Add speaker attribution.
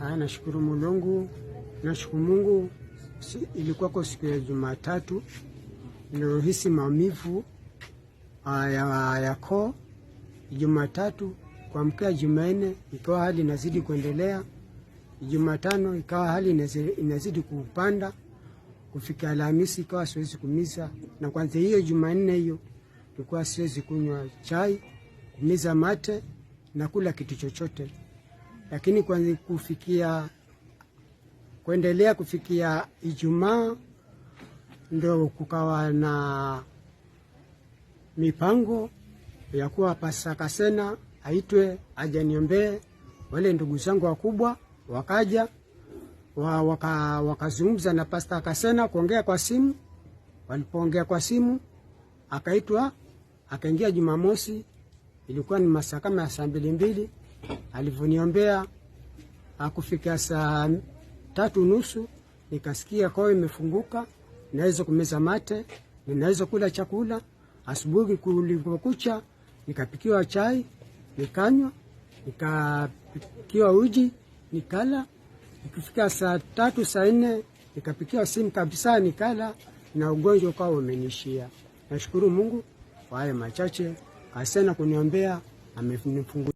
Speaker 1: Ah, nashukuru Mulungu, nashukuru Mungu. Ilikuwa kwa siku ya Jumatatu nilihisi maumivu ah, ya, ya koo Jumatatu, kuamkia Jumanne ikawa hali inazidi kuendelea, Jumatano ikawa hali inazidi kupanda, kufika Alhamisi ikawa siwezi kumiza, na kwanza hiyo Jumanne hiyo ilikuwa siwezi kunywa chai, kumiza mate na kula kitu chochote lakini kwanza kufikia kuendelea kufikia Ijumaa ndo kukawa na mipango ya kuwa Pasakasena aitwe aje niombee. Wale ndugu zangu wakubwa wakaja wa, wakazungumza na Pasta Kasena kuongea kwa simu. Walipoongea kwa simu, akaitwa akaingia Jumamosi, ilikuwa ni masaa kama ya saa mbili mbili alivyoniombea akufika saa tatu nusu nikasikia kwao imefunguka, naweza kumeza mate, ninaweza kula chakula. Asubuhi kulivyokucha, nikapikiwa chai nikanywa, nikapikiwa uji nikala. Ikifika saa tatu saa nne nikapikiwa simu kabisa nikala, na ugonjwa ukawa umenishia. Nashukuru Mungu kwa hayo machache, asena kuniombea amenifungua.